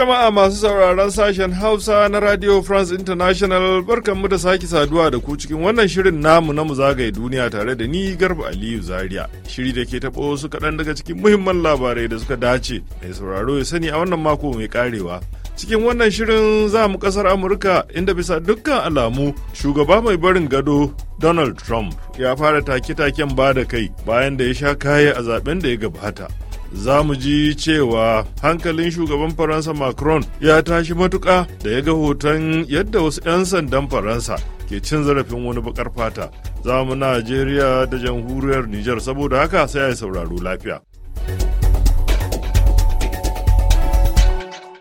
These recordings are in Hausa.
Jama'a masu sauraron sashen Hausa na Radio France International mu da sake saduwa da ku cikin wannan shirin namu na mu zagaye duniya tare da ni Garba Aliyu Zaria. Shiri da ke taɓo su kaɗan daga cikin muhimman labarai da suka dace mai sauraro ya sani a wannan mako mai karewa. Cikin wannan shirin za mu ƙasar Amurka inda bisa dukkan alamu shugaba mai barin gado Donald Trump ya fara take-taken ba da kai bayan da ya sha kaye a zaben da ya gabata. za mu ji cewa hankalin shugaban Faransa Macron ya tashi matuƙa da ya ga hoton yadda wasu 'yan sandan Faransa ke cin zarafin wani bakar fata. Za mu Najeriya da jamhuriyar Nijar saboda haka sai a sauraro lafiya.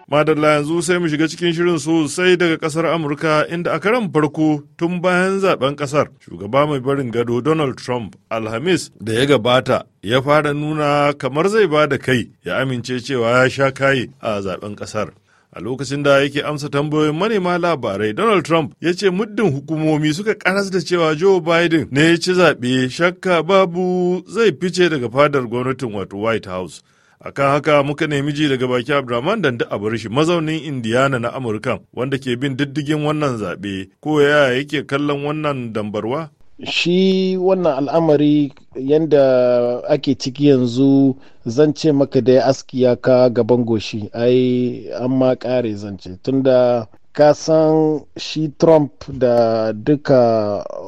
Madalla yanzu sai mu shiga cikin shirin sosai daga kasar Amurka inda a karan farko tun bayan zaben kasar shugaba mai barin gado Donald Trump Alhamis da ya gabata ya fara nuna kamar zai ba da kai ya amince cewa ya sha kaye a zaben kasar. A lokacin da yake amsa tambayoyin manema labarai, Donald Trump ya ce muddin hukumomi suka karas da cewa Joe Biden ne ya ci zaɓe shakka babu zai fice daga fadar gwamnatin wato White House. a kan haka muka nemi ji daga baki abdulrahman bar shi mazaunin indiana na amurka wanda ke bin diddigin wannan zaɓe ko yaya yake kallon wannan dambarwa shi wannan al'amari yadda ake ciki yanzu zan ce maka da ya aski ya ka gaban goshi ai an ma kare zance tunda ka san shi trump da duka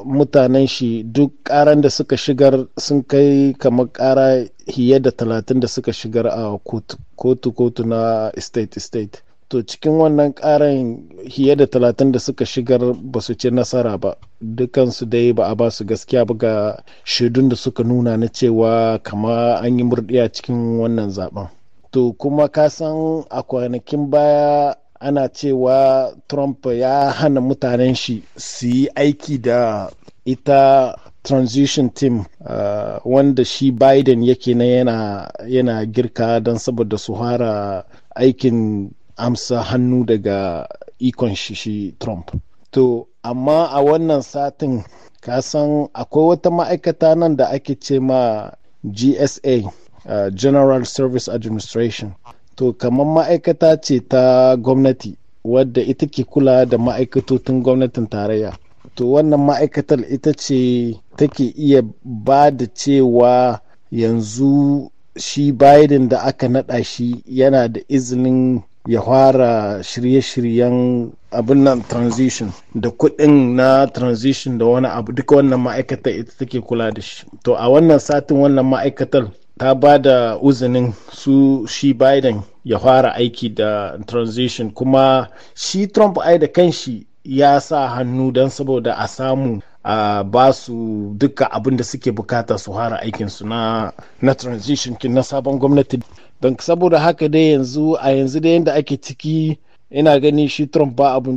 mutanen shi duk karan da suka shigar sun kai kamar kara hiye da talatin da suka shigar a kotu-kotu na state-state to cikin wannan karan hiye da talatin da suka shigar ba su ce nasara ba dukansu dai ba a ba su gaskiya ba ga shaidun da suka nuna na cewa kama an yi murdiya cikin wannan zaben to kuma kasan a kwanakin baya ana cewa trump ya hana mutanen shi su yi aiki da ita transition team uh, wanda shi biden yake na yana, yana girka don saboda su hara aikin amsa hannu daga ikon shi, shi trump to amma a wannan satin kasan akwai wata ma'aikata nan da ake ce ma gsa uh, general service administration to kamar ma'aikata ce ta gwamnati wadda ita ke kula da ma'aikatotin gwamnatin tarayya to wannan ma'aikatar ita ce take iya ba da cewa yanzu shi biden da aka nada shi yana da izinin ya fara shirye-shiryen abin nan transition da kuɗin na transition da wani abu duka wannan ma'aikatar ita take kula da shi to a wannan satin wannan ma'aikatar ta ba da uzinin su shi biden ya fara aiki da transition kuma shi trump ai da kanshi ya sa hannu don saboda a samu a ba su duka abin da suke bukata su fara aikinsu na, na transition na sabon gwamnati don saboda haka dai yanzu a yanzu da yadda ake ciki ina gani shi trump ba abu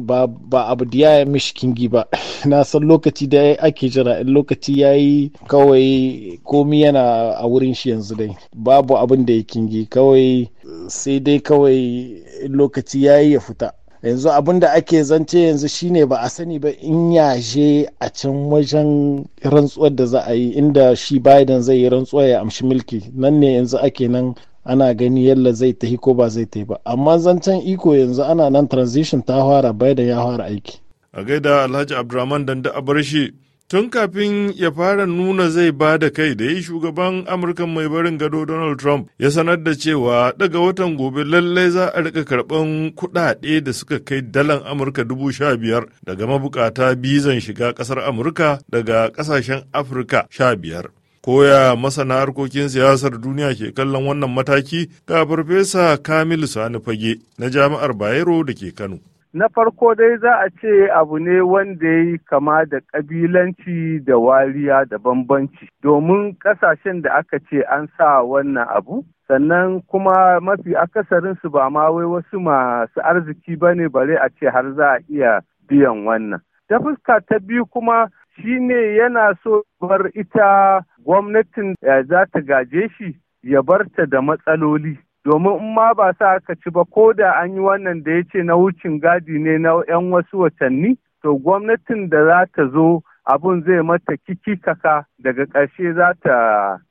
ba abu da ya mishi kingi ba na san lokaci da ake jira in lokaci ya yi kawai komi yana a wurin shi yanzu dai babu abin da ya kingi kawai sai dai kawai lokaci ya yi ya fita yanzu abin da ake zance yanzu shine ba a sani ba in yaje a can wajen rantsuwar da za a yi inda shi biden zai yi rantsuwa ya amshi milki nan ne yanzu ake nan ana gani yalla zai tahi ko ba zai tahi ba amma zancen iko yanzu ana nan transition ta fara biden ya fara aiki a gaida alhaji abdurrahman danda abarshi tun kafin ya fara nuna zai ba da kai da yi shugaban amurka mai barin gado donald trump ya sanar da cewa daga watan gobe lallai za a rika karɓan kudade da suka kai dalan amurka dubu sha biyar daga mabukata bizan shiga ƙasar amurka daga ƙasashen afirka sha biyar Koya masana harkokin siyasar duniya ke kallon wannan mataki ga Farfesa Kamilu Sani Fage na Jami'ar Bayero da ke Kano. Na farko dai za a ce abu ne wanda ya yi kama da ƙabilanci da wariya da bambanci domin ƙasashen da aka ce an sa wannan abu sannan kuma mafi akasarinsu ba ma wai wasu masu arziki ba ne bare a ce har za a iya biyan wannan. Ta fuska ta biyu kuma Shi ne yana so bar ita gwamnatin za ta gaje shi ya barta da matsaloli domin in ma ba sa aka ci ba ko da an yi wannan da ya ce na wucin gadi ne na 'yan wasu watanni to gwamnatin da za ta zo abun zai mata kikikaka daga ƙarshe za ta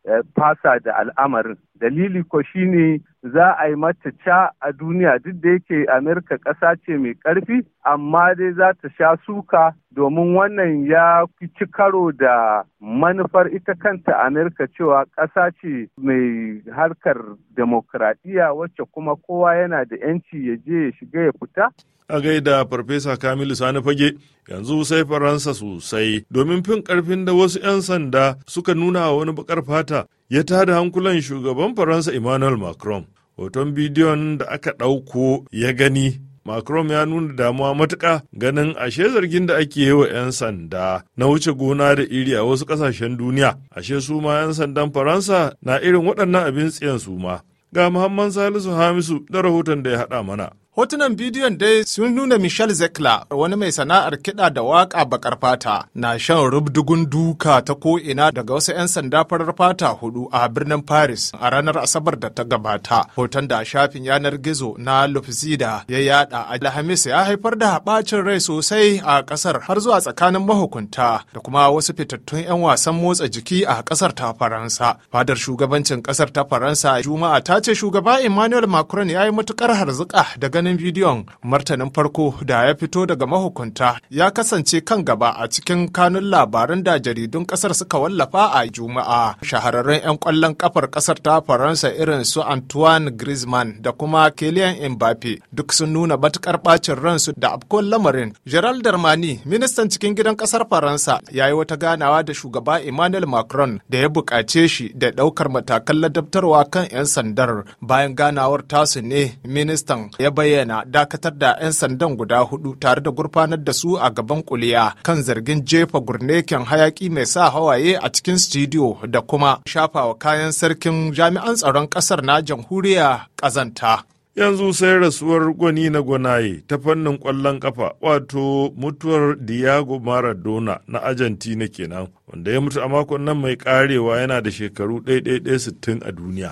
eh, fasa da al'amarin dalili ko ne za a yi mata ca a duniya duk da yake amerika ƙasa ce mai ƙarfi amma dai za ta sha suka domin wannan ya ci karo da manufar ita kanta amerika cewa ƙasa ce mai harkar demokradiyya wacce kuma kowa yana da 'yanci ya je ya shiga ya fita a gaida farfesa kamilu sani fage yanzu sai faransa sosai domin fin karfin da wasu 'yan sanda suka nuna wa wani bakar fata ya tada hankulan shugaban faransa emmanuel macron hoton bidiyon da aka ɗauko ya gani Macron ya nuna damuwa matuka ganin ashe zargin da ake yi wa 'yan sanda na wuce gona da iri a wasu ƙasashen duniya, ashe su ma 'yan sandan Faransa na irin waɗannan abin tsiyan su ma. Ga Muhammad Salisu Hamisu da rahoton da ya haɗa mana. Hotunan bidiyon dai sun nuna Michelle Zekla wani mai sana'ar kiɗa da waƙa bakar fata na shan rubdugun duka ta ko'ina daga wasu 'yan sanda farar fata hudu a birnin Paris a ranar Asabar da ta gabata. Hoton da shafin yanar gizo na Lufzida ya yada a Alhamis ya haifar da haɓacin rai sosai a ƙasar har zuwa tsakanin mahukunta da kuma wasu fitattun 'yan wasan motsa jiki a ƙasar ta Faransa. Fadar shugabancin ƙasar ta Faransa Juma'a ta ce shugaba Emmanuel Macron ya yi matuƙar harzuka daga ganin bidiyon martanin farko da ya fito daga mahukunta ya kasance kan gaba a cikin kanun labaran da jaridun kasar suka wallafa a juma'a shahararren 'yan kwallon kafar kasar ta faransa irin su antoine griezmann da kuma kylian mbappe duk sun nuna matukar bacin ransu da afkon lamarin gerald darmani ministan cikin gidan kasar faransa ya yi wata ganawa da shugaba emmanuel macron da ya buƙace shi da ɗaukar matakan ladabtarwa kan 'yan sandar bayan ganawar tasu ne ministan ya bayyana bayyana dakatar da 'yan sandan guda hudu tare da gurfanar da su a gaban kuliya kan zargin jefa gurneken hayaki mai sa hawaye a cikin studio da kuma shafawa kayan sarkin jami'an tsaron kasar na jamhuriya kazanta. yanzu sai rasuwar gwani na gwanaye ta fannin kwallon kafa wato mutuwar diago maradona na argentina kenan wanda ya mutu a makon nan mai karewa yana da shekaru 1160 a duniya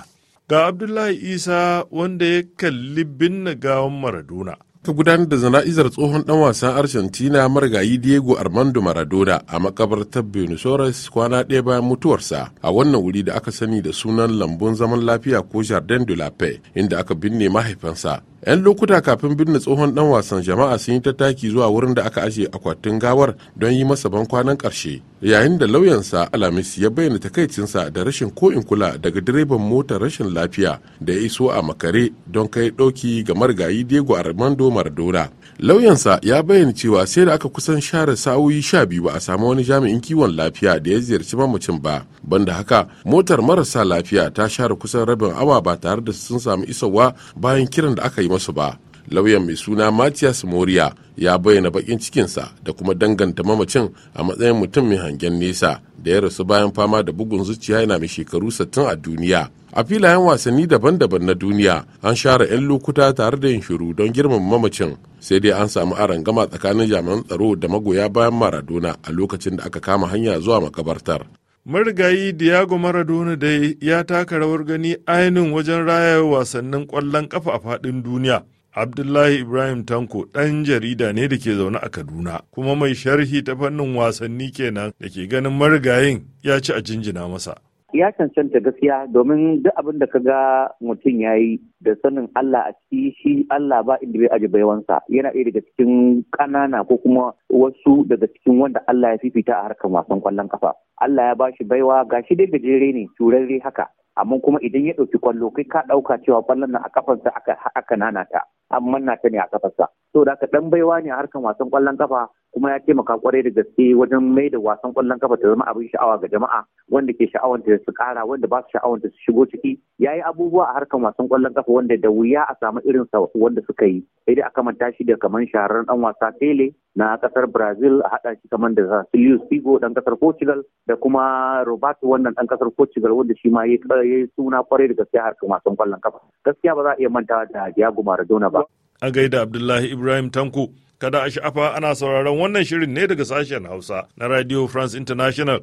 ga Abdullahi Isa wanda ya kalli binne gawan Maradona. ta gudanar da zana'izar tsohon dan wasan argentina marigayi diego armando maradona a makabartar buenos kwana ɗaya bayan mutuwarsa a wannan wuri da aka sani da sunan lambun zaman lafiya ko jardin de la paix inda aka binne mahaifinsa. 'yan lokuta kafin binne tsohon dan wasan jama'a sun yi tattaki zuwa wurin da aka ajiye akwatin gawar don yi masa ban kwanan karshe yayin da lauyansa alamis ya bayyana takaicinsa da rashin ko'in kula daga direban motar rashin lafiya da ya iso a makare don kai ɗauki ga marigayi diego armando maradona lauyansa ya bayyana cewa sai da aka kusan share sa'o'i sha biyu ba a samu wani jami'in kiwon lafiya da ya ziyarci mamacin ba banda haka motar marasa lafiya ta share kusan rabin awa ba tare da sun samu isowa bayan kiran da aka yi masu ba lauyan mai suna matias moriya ya bayyana bakin cikinsa da kuma danganta mamacin a matsayin mutum mai hangen nesa da ya rasu bayan fama da bugun zuciya yana mai shekaru 60 a duniya a filayen wasanni daban-daban na duniya an share 'yan lokuta tare da yin shiru don girmama mamacin sai dai an samu gama tsakanin jami'an tsaro da magoya bayan maradona a lokacin da aka kama hanya zuwa makabartar marigayi diego maradona dai ya taka rawar gani ainihin wajen raya wasannin ƙwallon ƙafa a faɗin duniya abdullahi ibrahim tanko ɗan jarida ne da ke zaune a kaduna kuma mai sharhi ta fannin wasanni kenan da ke ganin marigayin ya ci a jinjina masa ya cancanta gaskiya domin duk abin da ka ga mutum ya yi da sanin Allah a ciki shi Allah ba inda bai aji baiwansa yana iya daga cikin ƙanana ko kuma wasu daga cikin wanda Allah ya fifita a harkar wasan kwallon kafa Allah ya bashi baiwa gashi dai gajere ne turarre haka amma kuma idan ya ɗauki kwallo kai ka ɗauka cewa kwallon nan a kafarsa aka aka nanata an manna ta ne a kafarsa da aka dan baiwa ne a harkan wasan kwallon kafa kuma ya taimaka kwarai da gaske wajen mai da wasan kwallon kafa ta zama abin sha'awa ga jama'a wanda ke sha'awanta su kara wanda ba su sha'awanta su shigo ciki ya yi abubuwa a harkan wasan kwallon kafa wanda da wuya a samu irin sa wanda suka yi sai dai aka manta shi da kaman shahararren dan wasa tele na kasar brazil a hada shi kaman da Silvio Figo dan kasar Portugal da kuma Roberto wannan dan kasar Portugal wanda shi ma ya yi suna kwarai da gaske a harkan wasan kwallon kafa gaskiya ba za a iya mantawa da Diego Maradona ba a gaida Abdullahi Ibrahim Tanko. Kada a sha'afa ana sauraron wannan shirin ne daga sashen Hausa na Radio France International.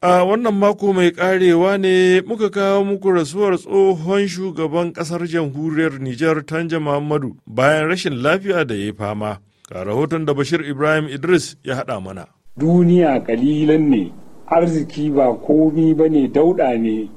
A wannan mako mai karewa ne muka kawo muku rasuwar tsohon shugaban kasar jamhuriyar Nijar Tanja Muhammadu bayan rashin lafiya da ya fama. Ga rahoton da Bashir Ibrahim Idris ya haɗa mana. duniya kalilan ne arziki ba komi ba ne dauɗa ne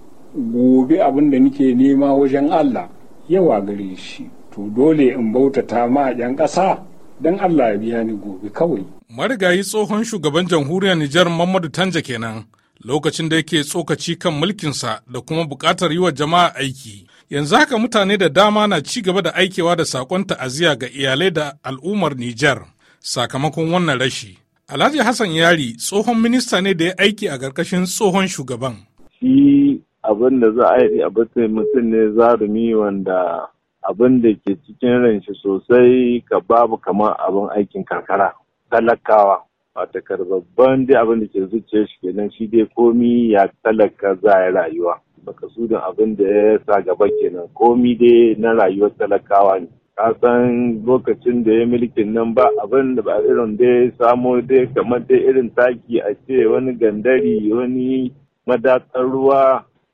gobe abin da nike nema wajen Allah yawa gare shi to dole in bautata ma yan ƙasa don Allah ya biya ni gobe kawai. Marigayi tsohon shugaban jamhuriyar Nijar Mamadu Tanja kenan lokacin da yake tsokaci kan mulkinsa da kuma buƙatar yi wa jama'a aiki. Yanzu haka mutane da dama na ci gaba da aikewa da sakon ta'aziya ga iyalai da al'ummar Nijar sakamakon wannan rashi. Alhaji Hassan Yari tsohon minista ne da ya aiki a ƙarƙashin tsohon shugaban. Shi abin da za a yi a mutum ne zarumi wanda abin da ke cikin shi sosai ka babu kamar abin aikin karkara talakawa wata babban dai abin da ke zuciya shi kenan shi dai komi ya talaka za ya rayuwa makasudin abin da ya sa gaba kenan komi dai na rayuwar talakawa ne a san lokacin da ya mulkin nan ba abin da ba irin da ya samo dai kamar dai irin taki a ce wani gandari wani madatsar ruwa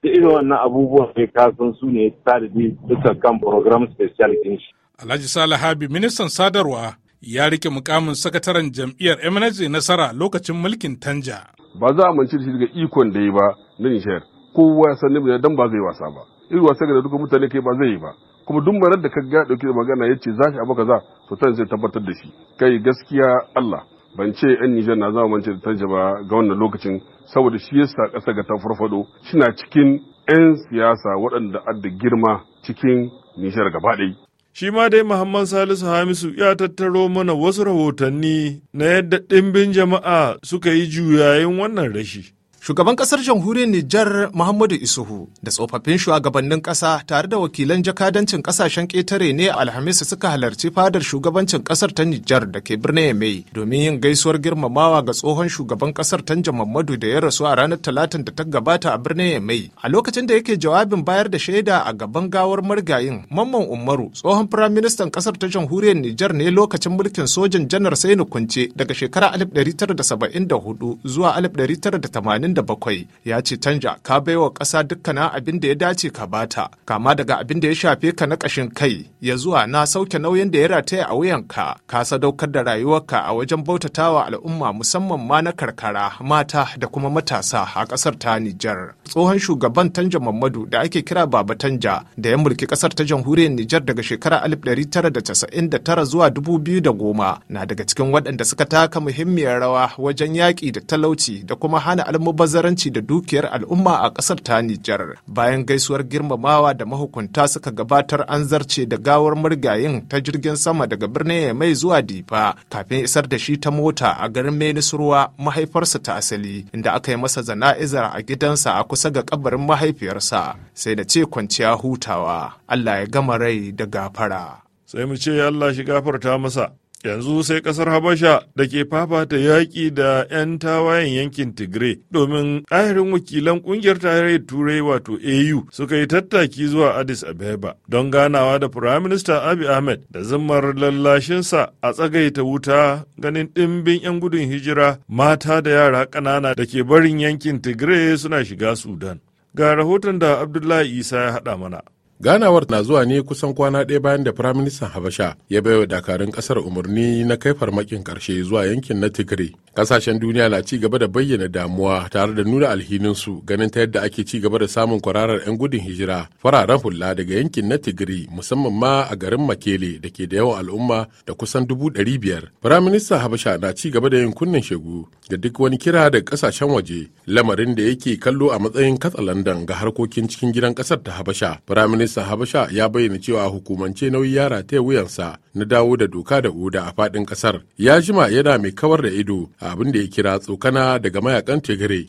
da irin wannan abubuwan mai kasan su ne ta da duka kan program special din Alhaji Salih Habi ministan sadarwa ya rike mukamin sakataren jam'iyyar MNJ Nasara lokacin mulkin Tanja. Ba za a manci da shi daga ikon da yi ba na Nijar. Kowa ya san dan ba zai wasa ba. Iri wasa ga duka mutane kai ba zai yi ba. kuma duk marar da ka ga dauki da magana yace za shi abu kaza to tan zai tabbatar da shi kai gaskiya Allah ban ce yan Nijar na zama mance da tanja ba ga wannan lokacin saboda shi yasa kasa ga ta farfado shina cikin yan siyasa waɗanda adda girma cikin Nijar gaba ɗaya shi ma dai Muhammad Salisu Hamisu ya tattaro mana wasu rahotanni na yadda ɗimbin jama'a suka yi juyayin wannan rashi. Shugaban kasar jamhuriyar Nijar Muhammadu Isuhu da tsofaffin shugabannin ƙasa tare da wakilan jakadancin ƙasashen ƙetare ne Alhamis suka halarci fadar shugabancin ƙasar ta Nijar da ke birnin Yamai domin yin gaisuwar girmamawa ga tsohon shugaban ƙasar Tanja Muhammadu da ya rasu a ranar Talatin da ta gabata a birnin Yamai. A lokacin da yake jawabin bayar da shaida a gaban gawar margayin Mamman Umaru tsohon firaministan ƙasar ta jamhuriyar Nijar ne lokacin mulkin sojan janar Sainu Kunce daga shekarar 1974 zuwa 1980 37 ya ce canja ka baiwa ƙasa dukkanin abin da ya dace ka bata kama daga abin da ya shafe ka na kashin kai ya zuwa na sauke nauyin da ya rataya a wuyan ka sadaukar da rayuwarka a wajen bautatawa al'umma musamman ma na karkara mata da kuma matasa a ƙasar ta Nijar. Tsohon shugaban Tanja Mamadu da ake kira Baba Tanja da ya mulki ƙasar ta jamhuriyar Nijar daga shekara 1999 zuwa 2010 na daga cikin waɗanda suka taka muhimmiyar rawa wajen yaƙi da talauci da kuma hana almubar almubazzaranci da dukiyar al'umma a ƙasar ta Nijar. Bayan gaisuwar girmamawa da mahukunta suka gabatar an zarce da gawar murgayin ta jirgin sama daga birnin mai zuwa Difa kafin isar da shi ta mota a garin Menisurwa mahaifarsa ta asali inda aka yi masa zana'izar a gidansa a kusa ga kabarin mahaifiyarsa sai da ce kwanciya hutawa. Allah ya gama rai da gafara. Sai mu ce Allah shi gafarta masa. yanzu sai kasar habasha da ke fafata yaƙi da 'yan tawayen yankin tigray domin ƙahirin wakilan ƙungiyar tarayyar turai wato au suka yi tattaki zuwa addis abeba don ganawa da Firayim Minista abi ahmed da zimmar lallashinsa a tsagaita wuta ganin ɗimbin 'yan gudun hijira mata da yara ƙanana da ke barin yankin tigray suna shiga sudan ga rahoton da abdullahi isa ya haɗa mana ganawar na zuwa ne kusan kwana ɗaya bayan da firaministan habasha ya baiwa dakarun ƙasar umarni na kai farmakin ƙarshe zuwa yankin na tigray ƙasashen duniya na ci gaba da bayyana damuwa tare da nuna alhininsu ganin ta yadda ake ci gaba da samun kwararar 'yan gudun hijira fararen hula daga yankin na tigray musamman ma a garin makele da ke da yawan al'umma da kusan dubu ɗari biyar firaministan habasha na ci gaba da yin kunnen shegu da duk wani kira daga ƙasashen waje lamarin da yake kallo a matsayin katsalandan ga harkokin cikin gidan ƙasar ta habasha firaministan minista habasha ya bayyana cewa hukumance nauyi yara ta wuyansa na dawo da doka da oda a faɗin ƙasar ya jima yana mai kawar da ido a abin da ya kira tsokana daga mayakan tigire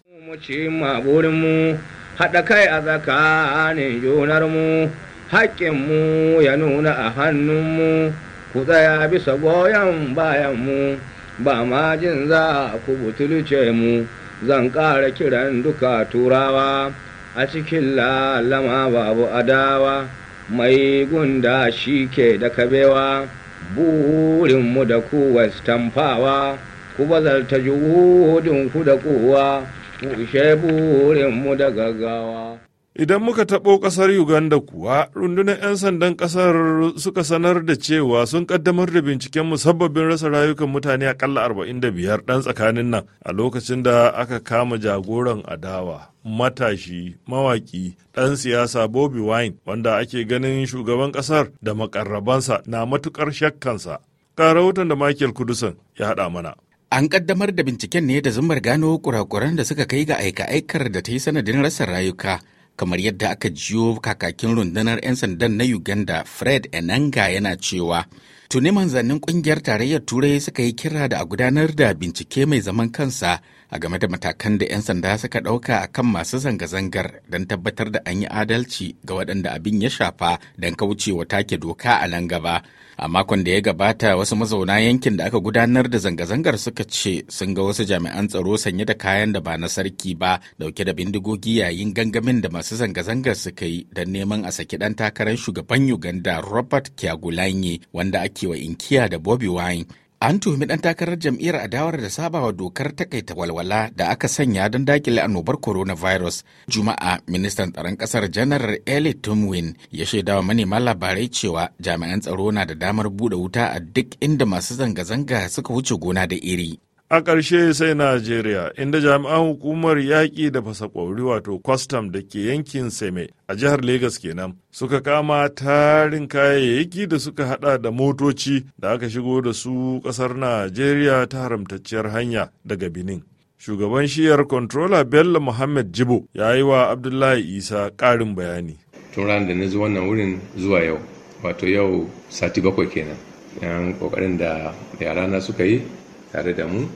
haɗa kai a tsakanin junarmu haƙƙinmu ya nuna a hannunmu ku tsaya bisa goyon bayanmu ba ma jin za ku butulce mu zan ƙara kiran duka turawa a cikin lalama babu adawa mai gunda shi ke da kabewa burinmu da ku stamfawa ku bazarta ku da kowa ku ishe burinmu da gaggawa Idan muka taɓo ƙasar Uganda kuwa, rundunar 'yan sandan ƙasar suka sanar da cewa sun ƙaddamar da binciken musabbabin rasa rayukan mutane a aƙalla 45 ɗan tsakanin nan a lokacin da aka kama jagoran adawa. matashi mawaki ɗan siyasa Bobi Wine wanda ake ganin shugaban ƙasar da makarrabansa na matuƙar shakkansa. ƙarautan da Michael Kudusan ya haɗa mana. An ƙaddamar da binciken ne da zumar gano kurakuran da suka kai ga aika-aikar da ta yi sanadin rasa rayuka kamar yadda aka jiyo kakakin rundunar 'yan sandan na uganda fred enanga yana cewa tuni manzannin kungiyar tarayyar turai suka yi kira da a gudanar da bincike mai zaman kansa a game da matakan da 'yan sanda suka ɗauka a kan masu zanga-zangar don tabbatar da an yi adalci ga waɗanda abin ya shafa don kaucewa take doka a nan gaba. A makon da ya gabata wasu mazauna yankin da aka gudanar da zanga-zangar suka ce sun ga wasu jami'an tsaro sanye da kayan da ba na sarki ba dauke da bindigogi yayin gangamin da masu zanga-zangar suka yi don neman a saki ɗan takarar shugaban Uganda Robert Kyagulanyi wanda ake wa inkiya da bobi Wine An tuhumi ɗan takarar jam'iyyar adawar da sabawa dokar takaita walwala da aka sanya don dakile annobar coronavirus. Juma'a, ministan tsaron ƙasar janar Eli Tumwin ya shaidawa manema labarai cewa jami'an tsaro na da damar buɗe wuta a duk inda masu zanga-zanga suka wuce gona da iri. a ƙarshe sai najeriya inda jami'an hukumar yaƙi da fasa fasakwauri wato kwastam da ke yankin seme a jihar Legas kenan suka kama tarin kayayyaki da suka hada da motoci da aka shigo da su ƙasar najeriya ta haramtacciyar hanya daga benin shugaban shiyar controller bello muhammad jibo ya yi wa abdullahi isa ƙarin bayani tun ran da na zo wannan wurin zuwa yau wato yau sati bakwai kenan yan kokarin da yara suka yi tare da mu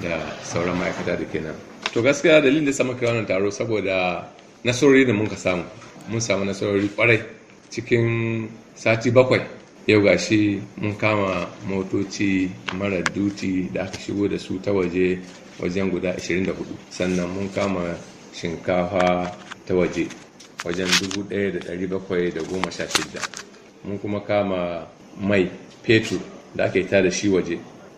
da sauran ma'aikata da kenan to gaskiya dalilin da samu kira taro saboda nasarori da muka samu mun samu nasarori kwarai cikin sati bakwai yau ga shi mun kama motoci mara duti da aka shigo da su ta waje wajen guda 24 sannan mun kama shinkafa ta waje wajen 1716 mun kuma kama mai fetur da ake ta da shi waje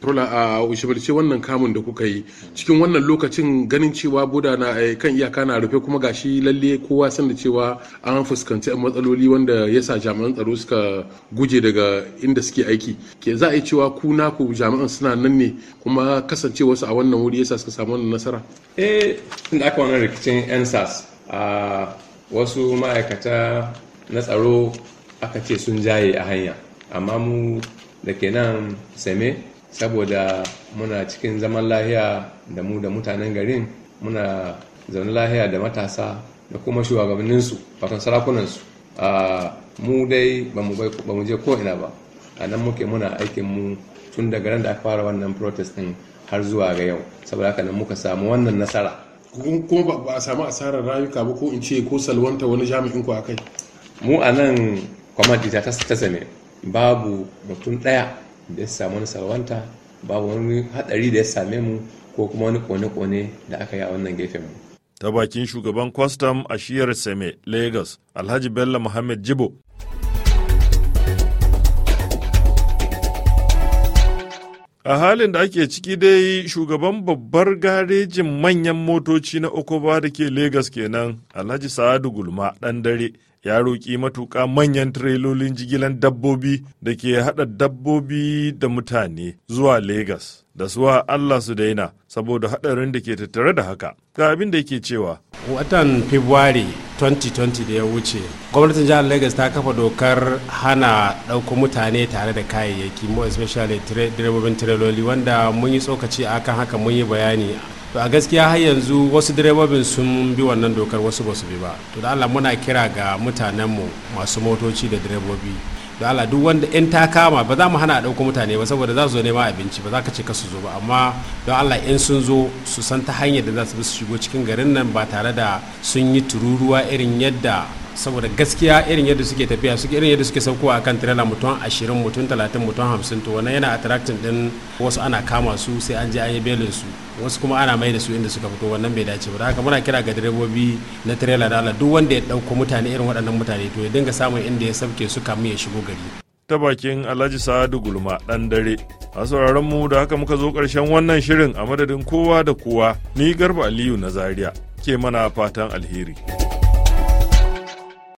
tola a ushibalce wannan kamun da kuka yi cikin wannan lokacin ganin cewa boda na eh, kan iyaka na rufe kuma gashi lalle kowa san da cewa an fuskanci matsaloli wanda ya sa jami'an tsaro suka guje daga inda suke aiki ke za a yi cewa ku naku jami'an suna nan ne kuma kasancewarsu a wannan wuri yasa suka samu wannan nasara eh tun da aka wannan rikicin yan sas a wasu ma'aikata na tsaro aka ce sun jaye a hanya amma mu da ke nan same saboda muna cikin zaman lahiya da mu da mutanen garin muna zaune lahiya da matasa da kuma shugabanninsu fatan sarakunansu a mu dai ba mu je ko ina ba a nan muke muna aikin mu tun daga ran da aka fara wannan protest din har zuwa ga yau saboda haka nan muka samu wannan nasara kuma ba a samu asarar rayuka ba ko in ce ko salwanta wani jami'in ku akai mu a nan kwamadi ta ta babu mutum daya da ya samu wani salwanta babu wani hadari da ya same mu ko kuma wani kone-kone da aka yi a wannan gefen mu ta bakin shugaban kwastam a shiyar seme lagos alhaji bello muhammad jibo a halin da ake ciki dai shugaban babbar garejin manyan motoci na okoba da ke lagos kenan alhaji sa'adu gulma ɗan dare ya roƙi matuƙa manyan tirelolin jigilan dabbobi da ke haɗa dabbobi da mutane zuwa Legas da suwa Allah su daina saboda haɗarin da ke tattare da haka. Ga abin da yake cewa. Watan Februari 2020 da ya wuce, gwamnatin jihar Legas ta kafa dokar hana ɗauko mutane tare da kayayyaki, more especially direbobin trailoli wanda mun yi tsokaci akan haka mun yi bayani to a gaskiya har yanzu wasu direbobin sun bi wannan dokar wasu ba su bi ba to da Allah muna kira ga mutanenmu masu motoci da direbobi da Allah duk wanda in ta kama ba za mu hana a ɗauko mutane ba saboda za su zo neman abinci ba za ka ce ka su zo ba amma don Allah in sun zo su san ta hanyar da za su bi su shigo cikin garin nan ba tare da sun yi tururuwa irin yadda saboda gaskiya irin yadda suke tafiya suke irin yadda suke saukowa kan tirela mutum ashirin mutum talatin mutum hamsin to wannan yana attracting din wasu ana kama su sai an je an yi belin su wasu kuma ana mai da su inda suka fito wannan bai dace ba haka muna kira ga direbobi na tirela da Allah duk wanda ya dauko mutane irin waɗannan mutane to ya dinga samun inda ya sabke su kamu ya shigo gari ta bakin Alhaji Sa'adu Gulma dan dare a sauraron mu da haka muka zo ƙarshen wannan shirin a madadin kowa da kowa ni Garba Aliyu na Zaria ke mana fatan alheri